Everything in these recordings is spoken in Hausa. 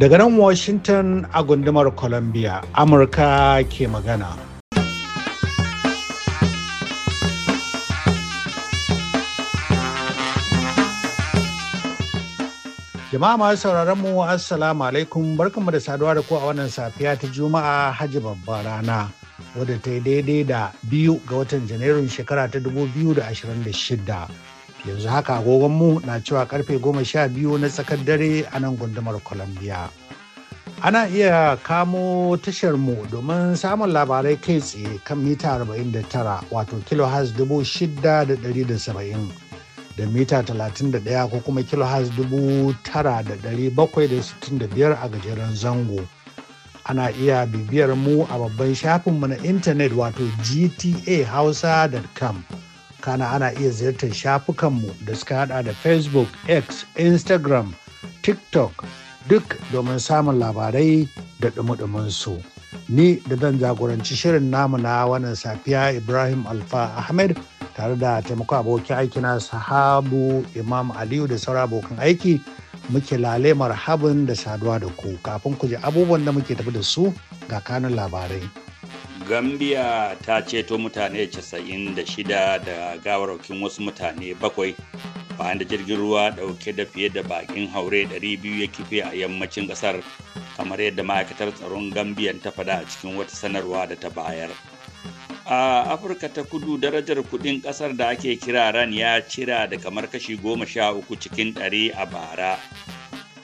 Daga nan Washington a gundumar Columbia, Amurka ke magana. Jama'a masu sauraron mu Assalamu alaikum barkanmu da saduwa da ku a wannan safiya ta Juma'a Hajji babbar rana. wadda ta yi daidai da biyu ga watan janairun shekara ta 2026 yanzu haka agogonmu na cewa karfe 12 na tsakar dare a nan gundumar columbia ana iya kamo tashar mu domin samun labarai kai tsaye kan mita 49 wato kilohaz 6,170 da mita 31 ko kuma kilohaz 9,765 a gajeren zango ana iya bibiyar mu a babban shafinmu na intanet wato gtahausa.com kana ana iya ziyartar shafukanmu da suka hada da facebook x instagram tiktok duk domin samun labarai da su ni da zan jagoranci shirin namu na wannan safiya ibrahim alfa ahmed tare da taimako abokin aikina sahabu imam aliyu da sauran abokan aiki muke lale marhabin da saduwa da ku kafin ku ji abubuwan da muke tafi da su ga kanun labarai. Gambia ta ceto mutane 96 da gawarwakin wasu mutane bakwai bayan da jirgin ruwa dauke da fiye da bakin haure 200 ya kife a yammacin kasar kamar yadda ma'aikatar tsaron Gambiyan ta fada a cikin wata sanarwa da ta bayar. a afirka ta kudu darajar kudin kasar da ake kira ran ya cira da kamar kashi goma sha uku cikin ɗari a bara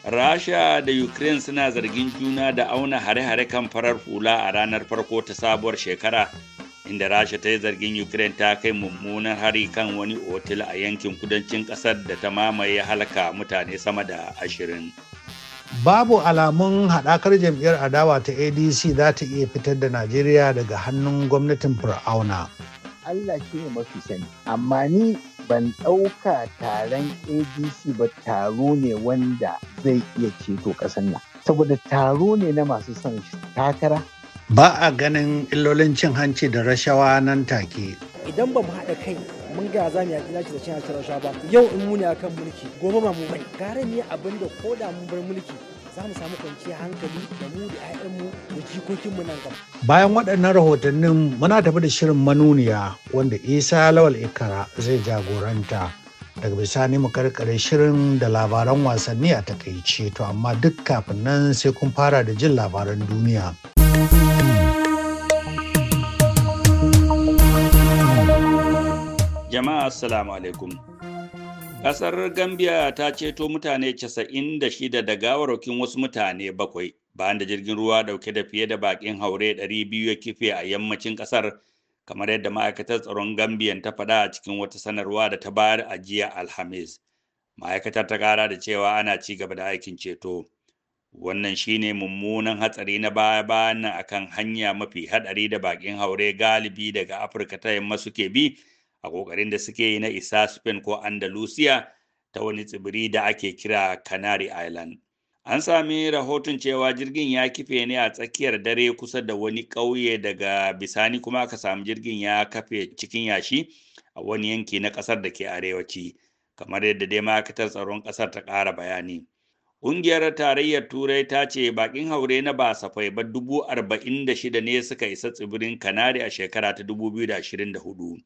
rasha da ukraine suna zargin juna da auna hare-hare kan farar hula a ranar farko ta sabuwar shekara inda rasha ta yi zargin ukraine ta kai mummunan hari kan wani otal a yankin kudancin kasar da ta mamaye halaka mutane sama da ashirin. babu alamun haɗakar jam'iyyar adawa ta adc za ta iya fitar da najeriya daga hannun gwamnatin fir'auna allah shi ne mafi sani amma ni ban ɗauka taron adc ba taro ne wanda zai iya ceto ƙasar nan saboda taro ne na masu son takara ba a ganin illolin cin hanci da rashawa nan take idan ba mu haɗa kai mun ga za mu yaƙi zaki da cin hanci rashawa ba yau in ne akan mulki gobe ba mu bane gare ne abinda ko da mun bar mulki za mu samu kwanciyar hankali da mu da 'ya'yanmu da jikokinmu nan gaba. Bayan waɗannan rahotannin muna tafi da shirin manuniya wanda Isa Lawal Ikara zai jagoranta. Daga bisani mu karkare shirin da labaran wasanni a takaice to amma duk kafin nan sai kun fara da jin labaran duniya. Jama'a Assalamu alaikum. Ƙasar Gambia ta ceto mutane 96 da gawarwakin wasu mutane bakwai bayan da jirgin ruwa dauke da fiye da bakin haure 200 ya kife a yammacin ƙasar kamar yadda ma'aikatar tsaron Gambiyan ta faɗa a cikin wata sanarwa da ta bayar a jiya Alhamis. Ma'aikatar ta ƙara da cewa ana ci gaba da aikin ceto. Wannan shine mummunan hatsari na baya bayan akan hanya mafi haɗari da bakin haure galibi daga Afirka ta yamma suke bi a ƙoƙarin da suke yi na isa Spain ko Andalusia ta wani tsibiri da ake kira Canary Island. An sami rahoton cewa jirgin ya kife ne a tsakiyar dare kusa da wani ƙauye daga bisani kuma aka samu jirgin ya kafe cikin yashi a wani yanki na ƙasar da ke arewaci, kamar yadda dai ma'aikatar tsaron ƙasar ta ƙara bayani. Ƙungiyar Tarayyar Turai ta ce baƙin haure na ba safai ba dubu arba'in da shida ne suka isa tsibirin Kanari a shekara ta dubu biyu da ashirin da hudu.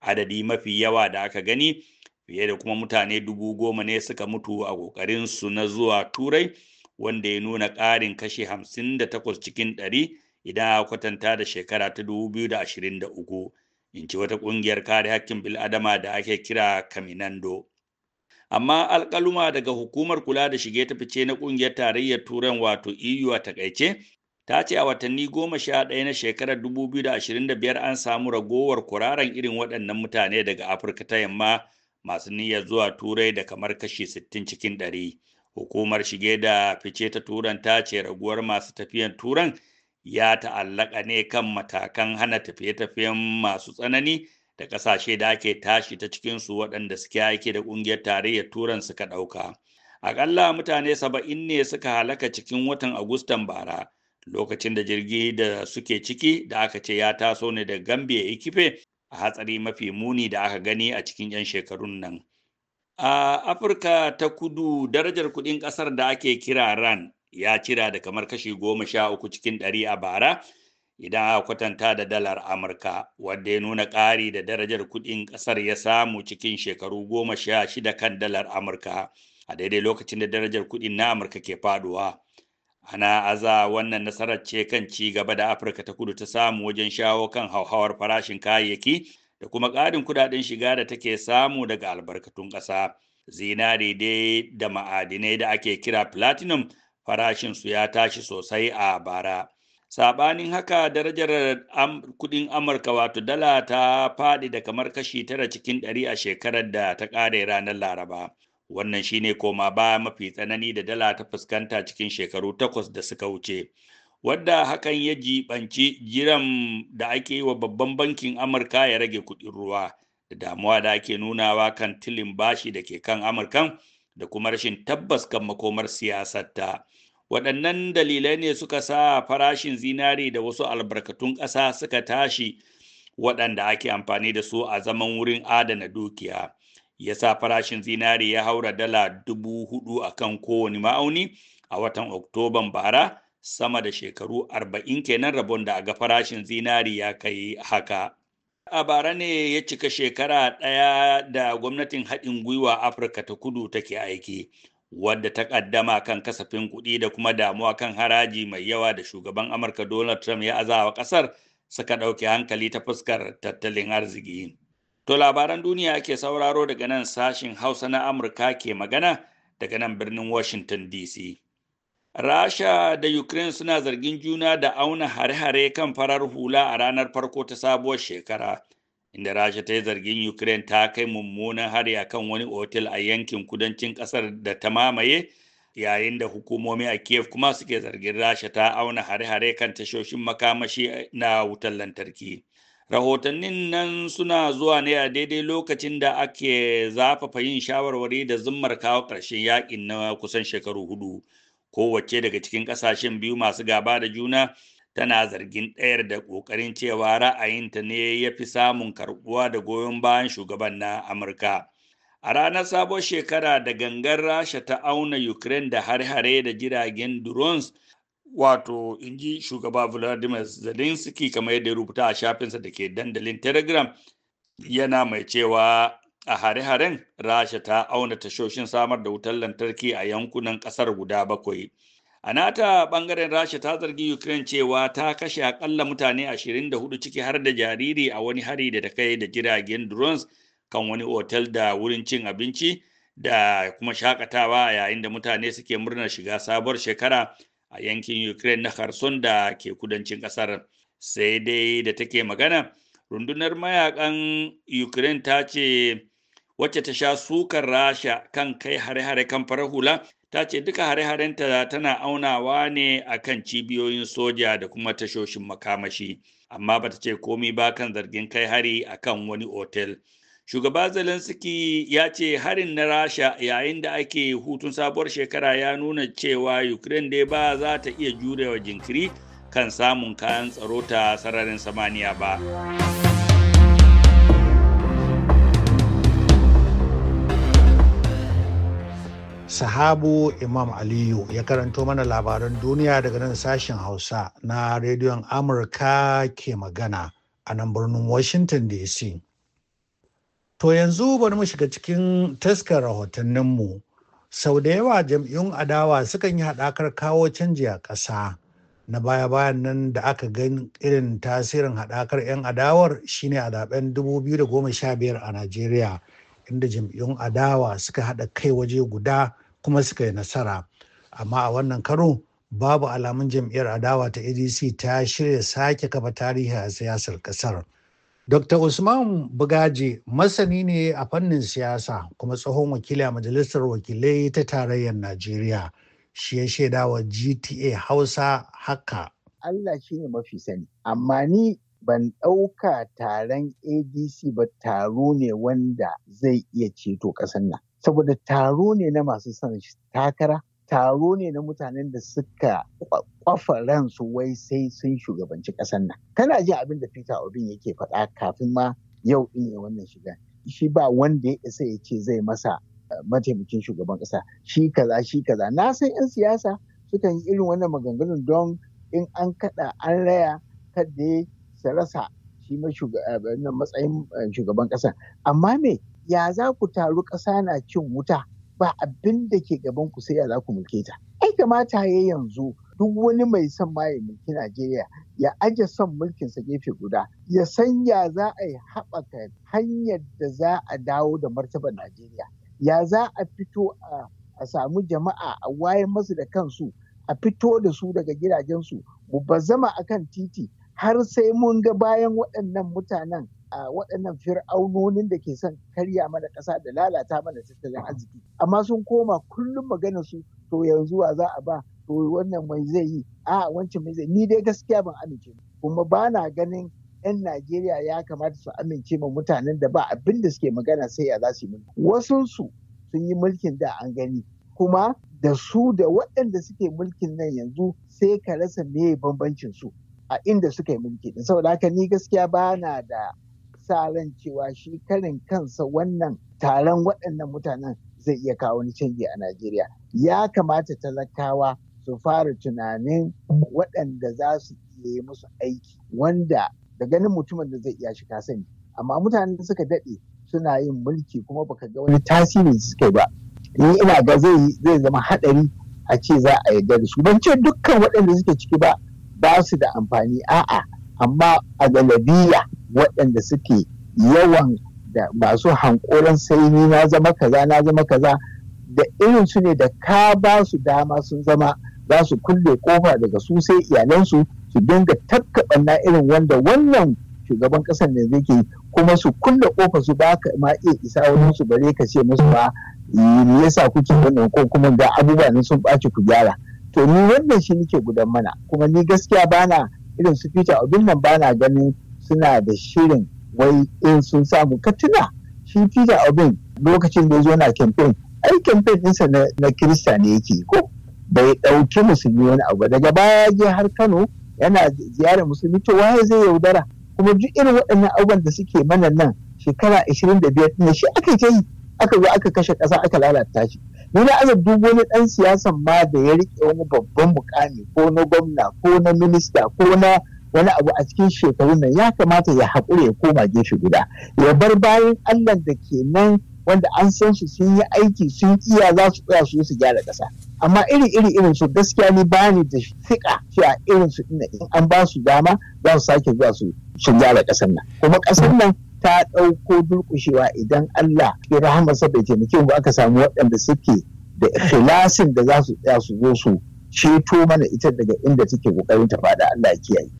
adadi mafi yawa da aka gani fiye da kuma mutane dubu goma ne suka mutu a ƙoƙarin su na zuwa turai wanda ya nuna ƙarin kashe hamsin da takwas cikin ɗari idan a kwatanta da shekara ta dubu biyu da ashirin da uku in ci wata ƙungiyar kare hakkin bil'adama da ake kira kaminando amma alƙaluma daga hukumar kula da shige ta fice na ƙungiyar tarayyar turan wato eu a takaice ta ce a watanni goma sha ɗaya na shekarar 2025 an samu ragowar kuraren irin waɗannan mutane daga afirka ta yamma masu niyyar zuwa turai da kamar kashi 60 cikin ɗari. hukumar shige da fice ta turan ta ce raguwar masu tafiyan turan ya ta'allaka ne kan matakan hana tafiye-tafiyen masu tsanani da ƙasashe da ake tashi ta cikinsu waɗanda suke aiki da ƙungiyar tarayyar turan suka ɗauka. Aƙalla mutane saba'in ne suka halaka cikin watan Agustan bara lokacin da jirgi da suke ciki da aka ce ya taso ne da gambia ikife a hatsari mafi muni da aka gani a cikin 'yan shekarun nan a afirka ta kudu darajar kudin kasar da ake kira ran ya cira da kamar kashi goma sha uku cikin ɗari a bara idan aka kwatanta da dalar amurka wadda ya nuna ƙari da darajar kudin ƙasar ya samu cikin shekaru goma sha shida kan dalar amurka a daidai lokacin da darajar kudin na amurka ke faduwa ana aza wannan nasarar ce kan ci gaba da afirka ta kudu ta samu wajen shawo kan hauhawar farashin kayayyaki da kuma ƙarin kudaden shiga da take samu daga albarkatun ƙasa zinari, dai da ma'adinai da ake kira platinum farashin su ya tashi sosai a bara sabanin haka darajar am, kudin amurka wato dala ta faɗi da kamar kashi tara cikin ɗari a shekarar da ta ƙare ranar laraba wannan shine koma baya mafi tsanani da dala ta fuskanta cikin shekaru takwas da suka wuce wadda hakan ya jibanci jiran da ake yi wa babban bankin amurka ya rage kuɗin ruwa da damuwa da ake nunawa kan tilin bashi da ke kan amurkan da kuma rashin tabbas kan makomar siyasarta waɗannan dalilai ne suka sa farashin zinari da wasu albarkatun ƙasa suka tashi waɗanda ake amfani da su a zaman wurin adana dukiya ya sa farashin zinari ya haura dala dubu hudu a kan kowane ma'auni a watan oktoban bara sama da shekaru arba'in kenan rabon da aga farashin zinari ya kai haka a bara ne ya cika shekara ɗaya da gwamnatin haɗin gwiwa afirka ta kudu take aiki wadda ta ƙaddama kan kasafin kuɗi da kuma damuwa kan haraji mai yawa da shugaban amurka donald trump ya azawa ƙasar suka ɗauke hankali ta fuskar tattalin arziki. To labaran duniya ke sauraro daga nan sashin Hausa na Amurka ke magana daga nan birnin Washington DC. Rasha da Ukraine suna zargin juna da auna hare-hare kan farar hula a ranar farko ta sabuwar shekara, inda Rasha ta yi zargin Ukraine ta kai mummunan hari a kan wani otel a yankin kudancin ƙasar da ta mamaye, yayin da hukumomi a Kiev kuma suke zargin Rasha ta auna hare-hare kan tashoshin makamashi na wutar lantarki. rahotannin nan suna zuwa ne a daidai lokacin da ake zafafa yin shawarwari da zummar kawo ƙarshen yakin na kusan shekaru hudu kowace daga cikin ƙasashen biyu masu gaba da juna tana zargin ɗayar da ƙoƙarin cewa ra'ayinta ne ya fi samun karɓuwa da goyon bayan shugaban na amurka a ranar sabon shekara da gangar rasha ta auna ukraine da har-hare da jiragen drones wato in ji shugaba vladimir zelensky kamar yadda ya rubuta a shafinsa da ke dandalin telegram yana mai cewa a hare-haren rasha ta auna tashoshin samar da wutar lantarki a yankunan kasar guda bakwai a nata bangaren rasha ta zargi ukraine cewa ta kashe akalla mutane 24 ciki har da jariri a wani hari da ta kai da jiragen drones kan wani otal da wurin cin abinci da kuma shakatawa yayin da mutane suke murnar shiga sabuwar shekara a yankin Ukraine na kharson da ke kudancin ƙasar. Sai dai da take magana, rundunar mayakan Ukraine ta ce wacce ta sha sukar Rasha kan kai hare-hare kan farar hula ta ce duka hare-harenta tana aunawa ne a kan cibiyoyin soja da kuma tashoshin makamashi amma bata ce komi ba kan zargin kai hari a kan wani otel shugaba zelensky ya ce harin na rasha yayin da ake hutun sabuwar shekara ya nuna cewa ukraine dai ba za ta iya jurewa jinkiri kan samun kayan tsaro ta sararin samaniya ba sahabu imam aliyu ya karanto mana labaran duniya daga nan sashen hausa na rediyon amurka ke magana a nan birnin washington dc To yanzu bari mu shiga cikin taskar rahotanninmu. Sau da yawa jam'iyyun adawa sukan yi haɗakar kawo canji a ƙasa. Na baya-bayan nan da aka gan irin tasirin haɗakar 'yan adawar shine a zaben 2015 a Najeriya, inda jam'iyyun adawa suka haɗa kai waje guda kuma suka yi nasara. Amma a wannan karo babu alamun jam'iyyar adawa ta ADC ta shirya sake kafa tarihi a siyasar ƙasar. Dr. Usman Bugaji masani ne a fannin siyasa kuma tsohon wakili a Majalisar Wakilai ta Tarayyar Najeriya. Shi ya shaida wa GTA Hausa haka. Allah shi ne mafi sani, amma ni ban ɗauka taron ADC ba taro ne wanda zai iya ceto ƙasar nan. Saboda taro ne na masu son takara taro ne na mutanen da suka kwafa ransu wai sai sun shugabanci ƙasar nan kana ji abin da peter obin yake faɗa kafin ma yau in ya wannan shiga shi ba wanda ya isa ya ce zai masa eh, mataimakin shugaban ƙasa shi kaza shi kaza na san 'yan siyasa sukan yi irin wannan maganganun don in an kaɗa an raya kada ya rasa shi eh, matsayin eh, shugaban ƙasa amma me ya za ku taru ƙasa na cin wuta ba abin da ke gabanku ku sai ya za ku mulke ta ai kamata ya yanzu duk wani mai son ma ya mulki Najeriya ya aje son mulkin sa gefe guda ya san ya za a yi haɓaka hanyar da za a dawo da martabar Najeriya ya za a fito a samu jama'a a wayar masu da kansu a fito da su daga gidajensu mu bazama akan titi har sai mun ga bayan waɗannan mutanen a waɗannan fir'aunonin da ke son karya mana ƙasa da lalata mana tattalin arziki amma sun koma kullum magana su to yanzu wa za a ba to wannan mai zai yi a wancan mai zai ni dai gaskiya ban amince kuma ba na ganin 'yan Najeriya ya kamata su amince ma mutanen da ba abin da suke magana sai ya za su yi mulki. Wasunsu sun yi mulkin da an gani kuma da su da waɗanda suke mulkin nan yanzu sai ka rasa me bambancin su. a inda suka yi mulki din saboda haka ni gaskiya ba na da sa cewa shi karin kansa wannan taron waɗannan mutanen zai iya kawo wani canji a Najeriya ya kamata talakawa su fara tunanin waɗanda za su iya yi musu aiki wanda da ganin mutumin da zai iya shi sani amma mutanen da suka daɗe suna yin mulki kuma baka ga wani tasiri suke ba ni ina ga zai zama haɗari a ce za a yarda da su ban ce dukkan waɗanda suke ciki ba ba su da amfani a'a amma a galabiya waɗanda suke yawan da masu hankoran sai ni na zama kaza na zama kaza da irin su ne da ka ba su dama sun zama za su kulle kofa daga su sai iyalansu su dinga takkaɓa na irin wanda wannan shugaban ƙasar ne zai ke kuma su kulle kofa su ba ka ma iya isa wurin su bare ka ce musu ba eh, me yasa kuke wannan ko kuma ga abubuwa sun ɓaci ku gyara to ni wannan shi nake gudan mana kuma ni gaskiya bana irin su fita abin nan bana ganin suna da shirin wai in sun samu katuna shi fita abin lokacin da zo na campaign ai campaign ɗinsa na Kirista ne yake ko bai ɗauki musulmi wani abu daga baya je har Kano yana ziyarar musulmi to waye zai yaudara kuma duk irin waɗannan abubuwan da suke mana nan shekara 25 ne shi aka yi aka zo aka kashe ƙasa aka lalata shi Wani aza duk wani ɗan siyasan ma da ya rike wani babban mukami ko na gwamna ko na minista ko na wani abu a cikin shekarun nan ya kamata ya haƙura ya koma gefe guda ya bar bayan allah da ke nan wanda an san su sun yi aiki sun iya za su tsaya su su gyara ƙasa amma iri iri irin su gaskiya ne bani da fika cewa irin su in an ba su dama za su sake zuwa su gyara ƙasar nan kuma ƙasar nan ta ɗauko durƙushewa idan Allah ya rahamarsa bai taimake mu aka samu waɗanda suke da ikhlasin da za su tsaya su zo su ceto mana ita daga inda take kokarin ta faɗa Allah ya kiyaye.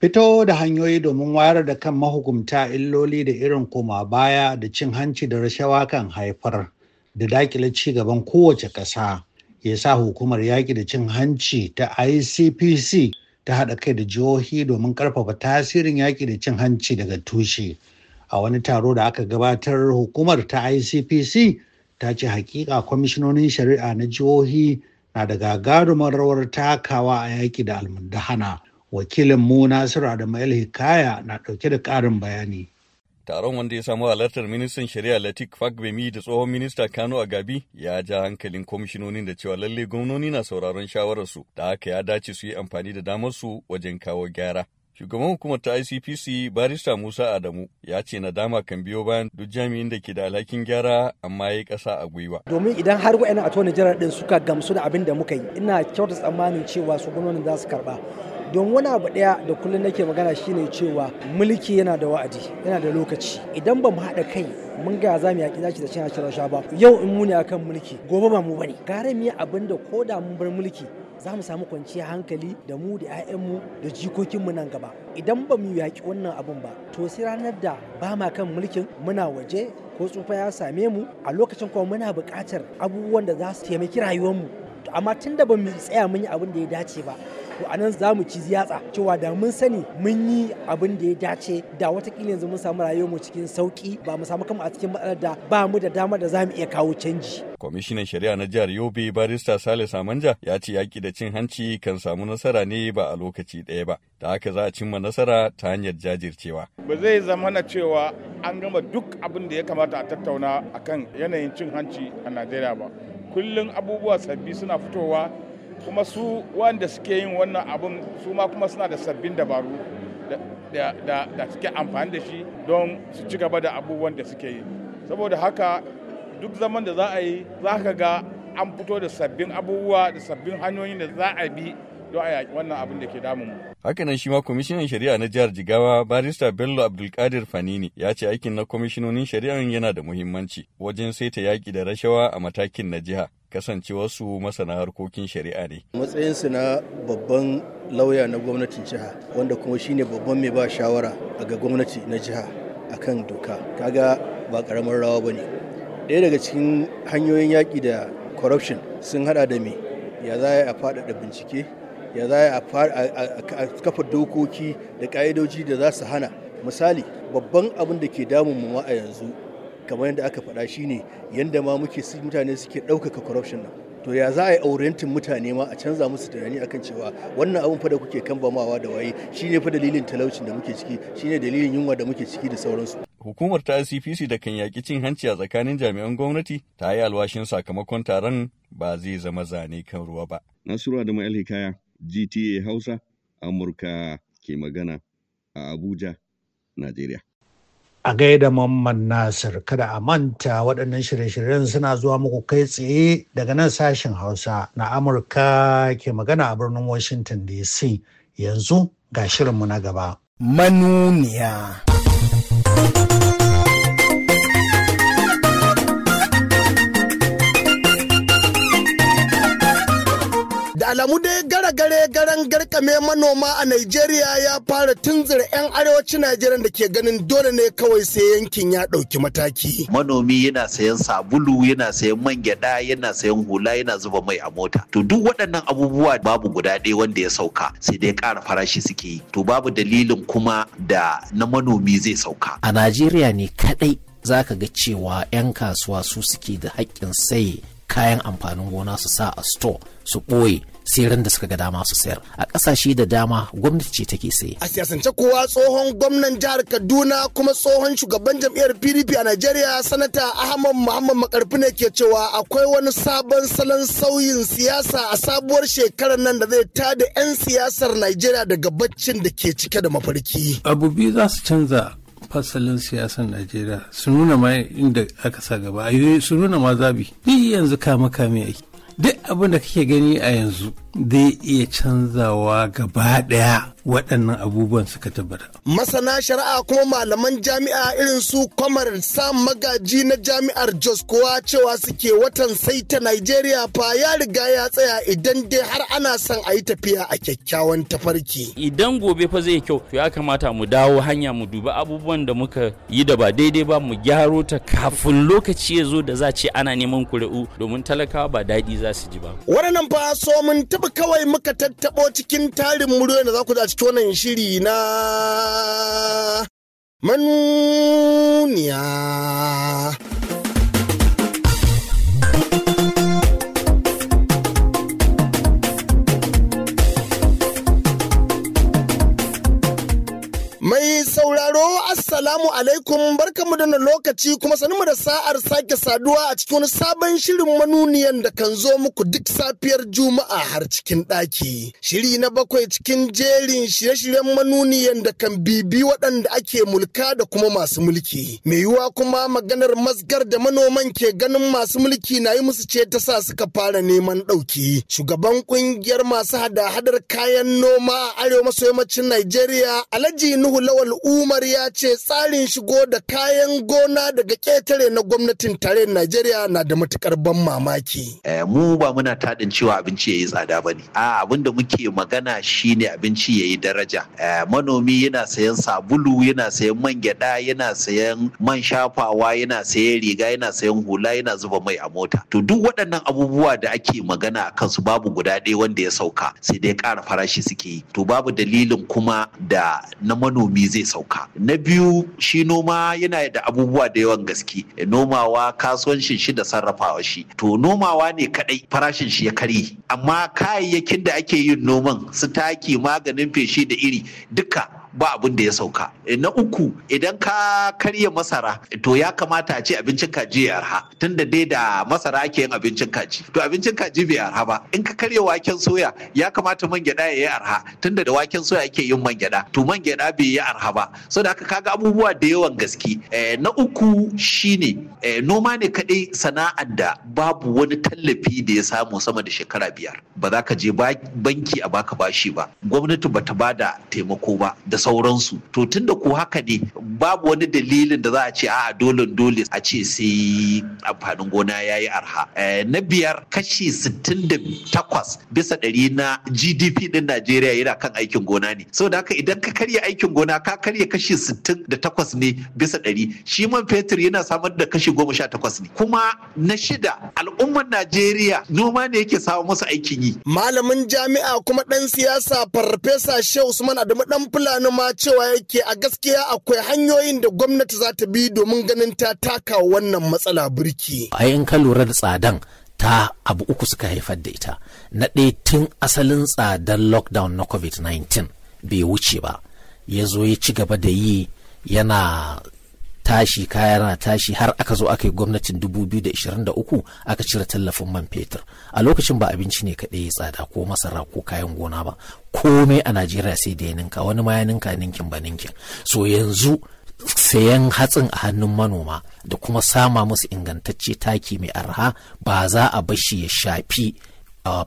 Fito da hanyoyi domin wayar da kan mahukumta illoli da irin koma baya da cin hanci da rashawa kan haifar da dakile ci gaban kowace ƙasa ya sa hukumar yaƙi da cin hanci ta ICPC ta haɗa kai da jihohi domin ƙarfafa tasirin yaƙi da cin hanci daga tushe. a wani taro da aka gabatar hukumar ta icpc ta ce hakika kwamishinonin shari'a na jihohi na da gagarumar rawar takawa a yaki da almundahana wakilin mu nasiru adamu hikaya na dauke da karin bayani taron wanda ya samu halartar ministan shari'a latik fagbemi da tsohon minista kano a gabi ya ja hankalin kwamishinonin da cewa lalle gwamnoni na sauraron shawararsu da haka ya dace su yi amfani da damarsu wajen kawo gyara Shugaban hukumar ta ICPC barista Musa Adamu ya ce nadama kan biyo bayan duk jami'in da ke da alhakin gyara amma ya yi ƙasa a gwiwa. Domin idan har a tona general din suka gamsu da abin da muka yi ina kyauta tsammanin cewa su gwamnonin za su karba. don wani abu ɗaya da kullum nake magana shine cewa mulki yana da wa'adi yana da lokaci idan ba mu haɗa kai mun ga za mu yaƙi zaki da cin hashin ba yau in muni akan mulki gobe ba mu bane gara mu yi abin da ko da mun bar mulki za mu samu kwanciyar hankali da mu da 'ya'yanmu da jikokinmu nan gaba idan ba mu yaƙi wannan abun ba to sai ranar da ba ma kan mulkin muna waje ko tsufa ya same mu a lokacin kuma muna buƙatar abubuwan da za su taimaki rayuwarmu amma tun da ba mu tsaya mun yi abin da ya dace ba to anan za mu ci ziyatsa cewa da mun sani mun yi abin da ya dace da watakila yanzu mun samu mu cikin sauki ba mu samu kama a cikin matsalar da ba mu da damar da za mu iya kawo canji. Kwamishinan Shari'a na Jihar Yobe Barista Sale Samanja ya ce yaƙi da cin hanci kan samu nasara ne ba a lokaci ɗaya ba, da haka za a cimma nasara ta hanyar jajircewa. Ba zai zama na cewa an gama duk abin da ya kamata a tattauna akan yanayin cin hanci a Najeriya ba. kullum abubuwa sabbi suna fitowa kuma su wanda suke yin wannan abun su ma kuma suna da sabbin dabaru da suke amfani da shi don su ci gaba da abubuwan da suke yi saboda haka duk zaman da za a yi za ka ga an fito da sabbin abubuwa da sabbin hanyoyin da za a bi do a yaƙi wannan abin da ke damun mu. Hakanan shi ma kwamishinan shari'a na jihar Jigawa barista Bello Abdulkadir Fanini ya ce aikin na kwamishinonin shari'ar yana da muhimmanci wajen saita yaƙi da rashawa a matakin na jiha. Kasancewarsu masana harkokin shari'a ne. Matsayinsu na babban lauya na gwamnatin jiha wanda kuma shine babban mai ba shawara ga gwamnati na jiha akan doka. Kaga ba karamar rawa ba ne. Ɗaya daga cikin hanyoyin yaƙi da corruption sun hada da me ya za a faɗaɗa bincike ya za a kafa dokoki da ka'idoji da za su hana misali babban abin da ke damun mu a yanzu kamar yadda aka faɗa shine yadda ma muke mutane suke ɗaukaka corruption nan to ya za a yi aurentin mutane ma a canza musu tunani akan cewa wannan abin fa da kuke kambamawa da waye shine fa dalilin talaucin da muke ciki shine dalilin yunwa da muke ciki da sauransu hukumar ta CPC da kan yaƙi cin hanci a tsakanin jami'an gwamnati ta yi alwashin sakamakon taron ba zai zama zane kan ruwa ba nasiru da mai GTA Hausa, Amurka ke magana a Abuja, Najeriya. A gaida Mamman Nasir, kada a manta waɗannan shirye-shiryen suna zuwa muku kai tsaye daga nan sashen Hausa na Amurka ke magana a birnin Washington DC. Yanzu ga shirinmu na gaba. Manuniya. alamu dai gare-gare garan garkame manoma a Najeriya ya fara tunzura 'yan arewacin Najeriya da ke ganin dole ne kawai sai yankin ya ɗauki mataki. Manomi yana sayan sabulu, yana sayan man gyaɗa, yana sayan hula, yana zuba mai a mota. To duk waɗannan abubuwa babu guda ɗaya wanda ya sauka sai dai ƙara farashi suke yi. To babu dalilin kuma da na manomi zai sauka. A Najeriya ne kaɗai za ka ga cewa 'yan kasuwa su suke da haƙƙin saye kayan amfanin gona su sa a store su ɓoye sirrin da suka ga dama su sayar a kasashe da dama gwamnati ce take saye a siyasance kowa tsohon gwamnan jihar kaduna kuma tsohon shugaban jam'iyyar pdp a najeriya sanata ahmad muhammad makarfi ne ke cewa akwai wani sabon salon sauyin siyasa a sabuwar shekarar nan da zai tada 'yan siyasar najeriya daga baccin da ke cike da mafarki abu biyu za su canza fasalin siyasar najeriya su nuna ma inda aka sa gaba su nuna ma zabi yanzu kama kame yake duk abin da kake gani a yanzu zai iya canzawa gaba daya waɗannan abubuwan suka tabbata. Masana shari'a kuma malaman jami'a irin su kwamar sam magaji na jami'ar Jos kowa cewa suke watan sai ta Nigeria fa ya riga ya tsaya idan dai har ana son a yi tafiya a kyakkyawan tafarki. Idan gobe fa zai kyau to ya kamata mu dawo hanya mu duba abubuwan da muka yi da ba daidai ba mu gyaro ta kafin lokaci ya zo da za ce ana neman kuri'u domin talakawa ba daɗi za su ji ba. Waɗannan fa so mun Yobe kawai muka tattaɓo cikin tarin muryoyin da za ku da cikin wannan shiri na manuniya. Mai sauraro Assalamu alaikum barkamu da lokaci kuma sanin da sa'ar sake saduwa a cikin sabon shirin manuniyan da kan zo muku duk safiyar Juma'a har cikin ɗaki. Shiri na bakwai cikin jerin shirye-shiryen manuniyan da kan bibi waɗanda ake mulka da kuma masu mulki. Mai yiwuwa kuma maganar masgar da manoman ke ganin masu mulki na yi musu ce ta sa suka fara neman ɗauki. Shugaban ƙungiyar masu hada-hadar kayan noma a arewa maso yammacin Najeriya Alhaji Nuhu lawal umar ya ce tsarin shigo da kayan gona daga ƙetare na gwamnatin tare najeriya na da matukar ban mamaki eh, mu ba muna taɗin cewa abinci ya yi tsada ba ne a abin da muke magana shine abinci ya yi daraja eh, manomi yana sayan sabulu yana sayan man gyaɗa yana sayan man shafawa yana sayan riga yana sayan hula yana zuba mai a mota to duk waɗannan abubuwa da ake magana a kansu babu guda ɗaya wanda ya sauka sai dai ƙara farashi suke yi to babu dalilin kuma da na manomi manomi zai sauka na biyu shi noma yana da abubuwa da yawan gaske nomawa kasuwancin shi da sarrafawa shi to nomawa ne kadai farashin shi ya karye amma kayayyakin da ake yin noman su taki maganin feshi da iri duka ba abin da ya sauka eh, na uku idan ka karya masara to ya kamata a ce abincin kaji ya arha tunda dai da masara ake yin abincin kaji to abincin kaji bai arha ba in ka karya waken soya ya kamata man gyada ya yi arha tunda da waken soya ake yin man gyada to man gyada bai yi arha ba saboda haka kaga abubuwa da yawan gaske eh, na uku shine eh, noma ne kaɗai sana'ar da babu wani tallafi da ya samu sama da shekara biyar ba za ka je banki a baka bashi ba gwamnati bata da taimako ba da sauransu to tun da ko haka ne babu wani dalilin da za a ce a dole dole a ce sai amfanin gona ya yi arha eh, na biyar kashi 68 bisa ɗari na gdp ɗin najeriya yana kan aikin gona ne da haka idan ka karya aikin gona ka karya kashi 68 ne bisa ɗari shi man fetur yana samar da kashi 18 ne kuma na shida al'umman najeriya noma ne yake samu musu aikin yi malamin jami'a kuma ɗan siyasa farfesa shehu usman adamu ɗan fulani ma cewa yake a gaskiya akwai hanyoyin da gwamnati za ta bi domin ganin ta taka wannan matsala birki. A in ka lura da tsadan ta abu uku suka haifar da ita. Na ɗaya tun asalin tsadan lockdown na COVID-19 bai wuce ba. Ya zo ya ci gaba da yi yana tashi kaya na tashi har aka zo aka yi gwamnatin 2023 aka cire tallafin man fetur a lokacin ba abinci ne kaɗai ya tsada ko masara ko kayan gona ba komai a najeriya sai da ya ninka wani ma ya ninka ninkin ba ninkin so yanzu sayan hatsin a hannun manoma da kuma sama musu ingantacce taki mai arha ba za a bashi ya shafi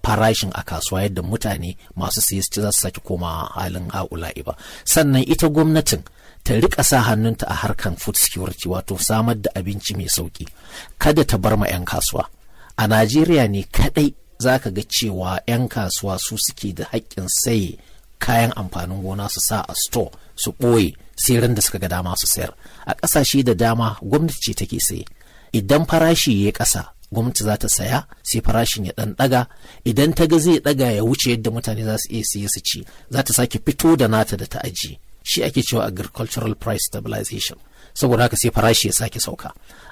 farashin a kasuwa yadda mutane masu siyasci za su sake koma halin ha'ula'i ba sannan ita gwamnatin ta rika sa hannunta a harkan food security wato samar da abinci mai sauki kada ta bar ma 'yan kasuwa a najeriya ne kadai za ka ga cewa 'yan kasuwa su suke da haƙƙin saye kayan amfanin gona su sa a store su ɓoye sai da suka ga dama su sayar a ƙasashe da dama gwamnati ce take saye idan farashi ya ƙasa gwamnati za ta saya sai farashin ya ɗan ɗaga idan ta ga zai ɗaga ya wuce yadda mutane za su iya siye su ci za ta sake fito da nata da ta ajiye shi ake cewa agricultural price stabilization saboda haka sai farashi ya sake sauka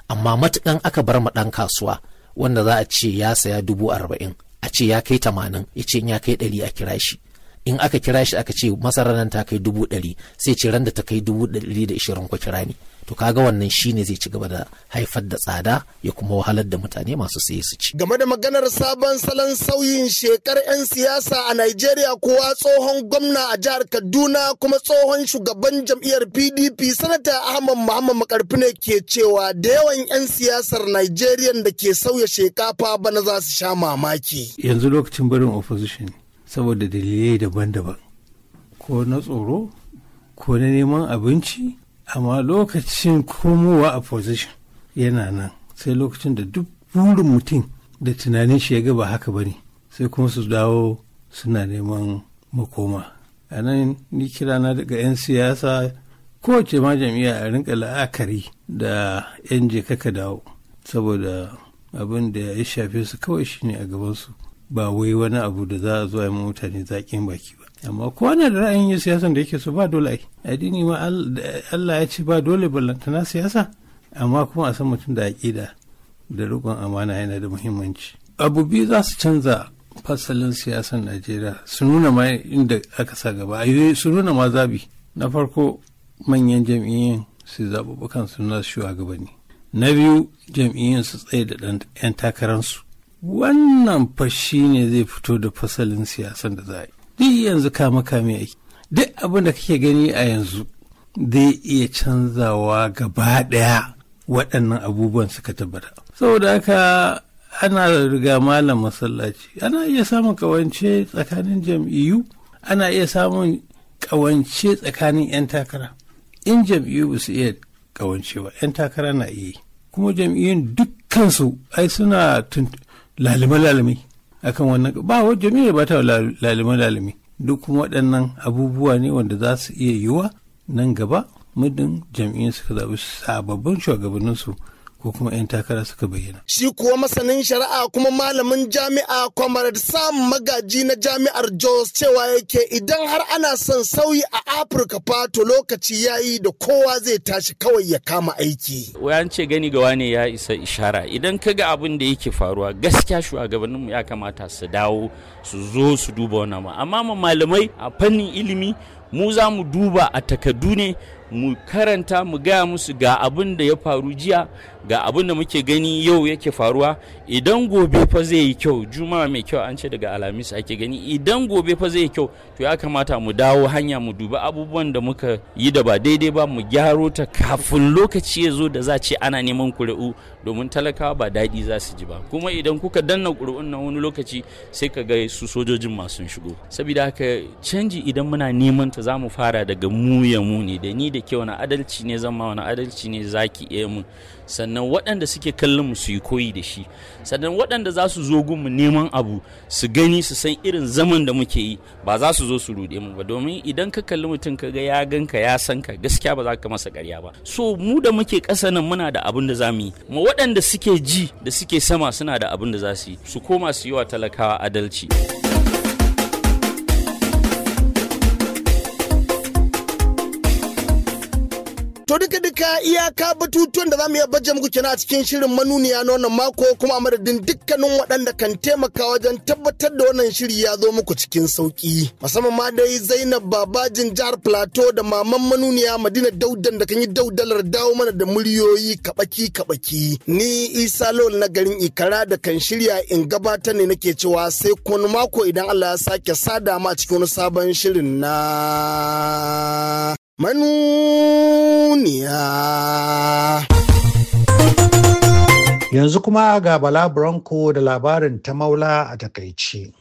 amma matukan aka bar ma dan kasuwa wanda za a ce ya saya dubu arba'in a ce ya kai tamanin ya ce in ya kai ɗari a kira shi in aka kira shi aka ce masarar nan ta kai dubu ɗari sai ce ran da ta kai dubu ɗari da ishirin ku kira ni to kaga wannan shine zai ci gaba da haifar da tsada ya kuma wahalar da mutane masu saye su ci game da maganar sabon salon sauyin shekar 'yan siyasa a Najeriya kowa tsohon gwamna a jihar Kaduna kuma tsohon shugaban jam'iyyar PDP sanata Ahmad Muhammad Makarfi ne ke cewa da yawan 'yan siyasar Najeriya da ke sauya shekafa bana za su sha mamaki yanzu lokacin barin opposition saboda dalilai daban-daban ko na tsoro ko na neman abinci amma lokacin komowa a position yana nan sai lokacin da duk burin mutum da tunanin shi ya ga ba haka bane sai kuma su dawo suna neman makoma a nan ni kirana daga 'yan siyasa kowace ma jam'iyya a rinka la'akari da 'yan je kaka dawo saboda abin da ya shafe su kawai shine a gabansu ba wai wani abu da za a zuwa a mutane zaƙin baki ba amma kowa na da ra'ayin yin siyasan da yake so ba dole ai addini ma Allah ya ce ba dole ballantana siyasa amma kuma a san mutum da aƙida da rukun amana yana da muhimmanci abu biyu za su canza fasalin siyasan najeriya su nuna ma inda aka sa gaba su nuna ma zabi na farko manyan jam'iyyun su kan su na shugabanni na biyu jam'iyyun su tsaye da ɗan takararsu wannan fashi ne zai fito da fasalin siyasan da za a yi duk yanzu kama kame ake duk abin da kake gani a yanzu zai iya canzawa gaba ɗaya waɗannan abubuwan suka tabbata saboda haka ana riga malam masallaci ana iya samun kawance tsakanin jam'iyyu ana iya samun kawance tsakanin 'yan takara in jam'iyyu ba su iya kawance ba 'yan takara na iya kuma jam'iyyun dukkansu ai suna lalime-lalime akan wannan ba wajen ne ba ta lalime lalime duk kuma waɗannan abubuwa ne wanda za su iya yiwuwa nan gaba muddin jami'in suka zaɓi sababbin shugabanninsu ko kuma 'yan takara suka bayyana. Shi kuwa masanin shari'a kuma malamin jami'a Comrade Sam Magaji na jami'ar Jos cewa yake idan har ana son sauyi a Afirka fato to lokaci yi da kowa zai tashi kawai ya kama aiki. Wayan ce gani ga ne ya isa ishara idan ka ga abin da yake faruwa gaskiya shugabanninmu ya kamata su dawo su zo su duba wannan amma malamai a fannin ilimi mu za mu duba a takardu ne mu karanta mu gaya musu ga abin da ya faru jiya ga abin da muke gani yau yake faruwa idan gobe fa zai yi kyau juma'a mai kyau an ce daga alhamis ake gani idan gobe fa zai yi kyau to ya kamata mu dawo hanya mu duba abubuwan da muka yi da ba daidai ba mu gyaro ta kafin lokaci ya zo da za ce ana neman kuri'u domin talakawa ba daɗi za su ji ba kuma idan kuka danna kuri'un na wani lokaci sai ka ga su sojojin masu shigo saboda haka canji idan muna neman ta za mu fara daga mu ya mu ne da ni da ke wani adalci ne zan wani adalci ne za ki iya mun sannan waɗanda suke kallon mu su yi koyi da shi sannan waɗanda za su zo gunmu neman abu su gani su san irin zaman da muke yi ba za su zo su ruɗe mu ba domin idan ka kalli mutum ka ga ya ganka ya san ka gaskiya ba za ka masa ƙarya ba so mu da muke ƙasa nan muna da abin da za mu yi ma waɗanda suke ji da suke sama suna da abun da za su yi su koma su yi wa talakawa adalci. to duka duka iyaka batutuwan da zamu iya baje muku kenan a cikin shirin manuniya na wannan mako kuma a madadin dukkanin waɗanda kan taimaka wajen tabbatar da wannan shiri ya zo muku cikin sauki musamman ma dai Zainab Babajin jihar Plateau da maman manuniya Madina Daudan da kan yi daudalar dawo mana da muryoyi kaɓaki kabaki ni Isa Lol na garin Ikara da kan shirya in gabata ne nake cewa sai kun mako idan Allah ya sake sada ma cikin wani sabon shirin na manuniya. Yanzu kuma ga Bala Bronco da labarin ta maula a takaici.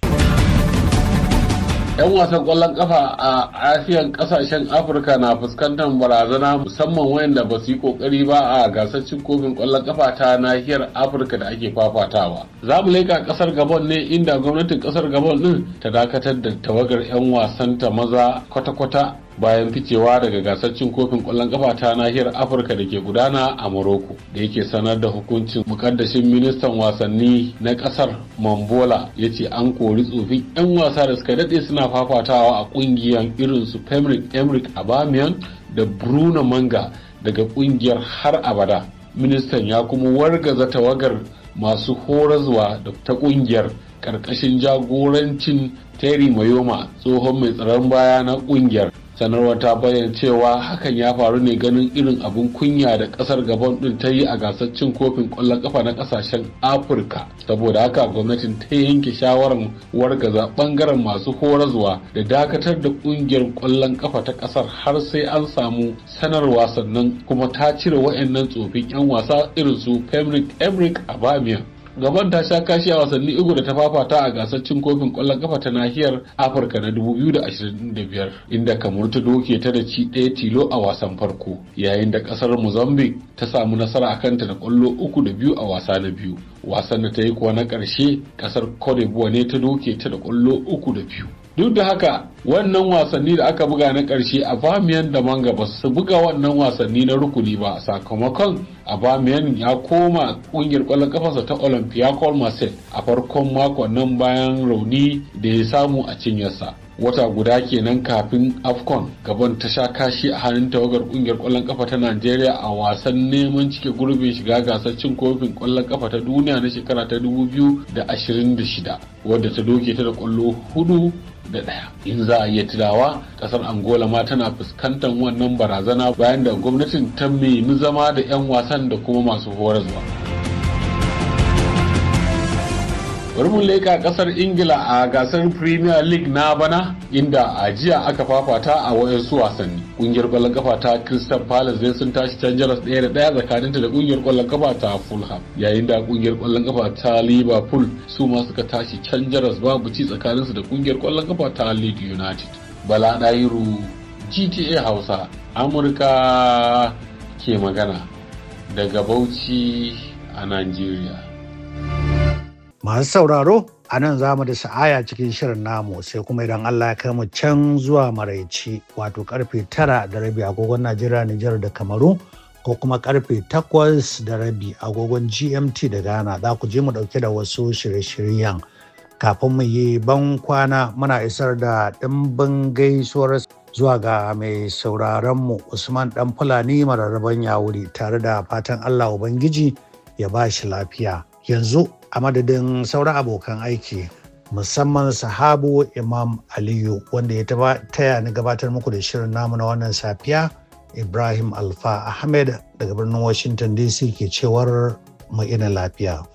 'yan wasan kwallon ƙafa a asiyan ƙasashen afirka na fuskantar barazana musamman wayanda ba su yi ƙoƙari ba a gasar cin kofin kwallon kafa ta nahiyar afirka da ake fafatawa za mu leka kasar gabon ne inda gwamnatin ƙasar gabon din ta dakatar da tawagar 'yan wasan ta maza kwata-kwata bayan ficewa daga gasar cin kofin ƙwallon kafa ta nahiyar afirka da ke gudana a morocco da yake sanar da hukuncin mukaddashin ministan wasanni na ƙasar mambola ya ce an kori tsofin. 'yan wasa da suka daɗe suna fafatawa a ƙungiyar irinsu pemric emric abamian da bruno manga daga ƙungiyar har abada ministan ya kuma wargaza tawagar masu horazwa ta ƙungiyar ƙarƙashin jagorancin terry mayoma tsohon mai tsaron baya na ƙungiyar sanarwar ta bayyana cewa hakan ya faru ne ganin irin abin kunya da kasar gabon din ta yi a gasar cin kofin kwallon kafa na kasashen afirka saboda haka gwamnatin ta yanke shawarar wargaza bangaren masu horazwa da dakatar da kungiyar kwallon kafa ta kasar har sai an samu sanarwa sannan kuma ta cire waɗannan tsofin yan wasa irin su femrik-emrik a abamian gaban ta sha kashi a wasanni uku da ta fafata a gasar cin kofin ƙwallon kafa ta nahiyar Afirka na da biyar inda kamar ta doke ta da ci ɗaya tilo a wasan farko yayin da ƙasar Mozambique ta samu nasara a kanta da ƙwallo uku da biyu a wasa na biyu. Wasan da ta yi kuwa na ƙarshe ƙasar Cote d'Ivoire ne ta doke ta da ƙwallo uku da biyu. duk da haka wannan wasanni da aka buga na ƙarshe bamiyan da manga ba su buga wannan wasanni na rukuni ba sakamakon a bamiyan ya koma ƙungiyar ƙwallon kafarsa ta Olympia marseille a farkon makon nan bayan rauni da ya samu a cinyarsa wata guda kenan kafin afcon gaban ta sha kashi a hannun tawagar ƙungiyar kwallon kafa ta najeriya a wasan neman cike gurbin shiga gasar cin kofin kwallon kafa ta duniya na shekara ta 2026 wadda ta doke ta da kwallo hudu da ɗaya in za a iya tirawa ƙasar angola ma tana fuskantar wannan barazana bayan da gwamnatin ta nemi zama da 'yan wasan da kuma masu horarwa. bari mu leka kasar ingila a gasar premier league na bana inda a jiya aka fafata a wayansu wasanni kungiyar kwallon kafa ta crystal palace dai sun tashi can ɗaya da ɗaya tsakaninta da kungiyar kwallon kafa ta fulham yayin da kungiyar kwallon kafa ta liverpool su ma suka tashi can babu ci tsakaninsu da kungiyar kwallon kafa ta league united bala ɗayiru gta hausa amurka ke magana daga bauchi a nigeria Masu sauraro a nan za mu da sa'aya cikin shirin namu sai kuma idan Allah ya kai mu can zuwa maraici wato karfe tara da rabi agogon Najeriya Nijar da Kamaru ko kuma karfe takwas da rabi agogon GMT da Ghana za ku je mu dauke da wasu shirye-shiryen kafin mu yi ban kwana muna isar da ɗimbin gaisuwar zuwa ga mai sauraronmu Usman Dan Fulani mararraban yawuri tare da fatan Allah Ubangiji ya ba shi lafiya yanzu a madadin sauran abokan aiki musamman sahabu imam aliyu wanda ya taya ni gabatar muku da shirin namu na wannan safiya ibrahim alfa ahmed daga birnin washington dc ke cewar mu ina lafiya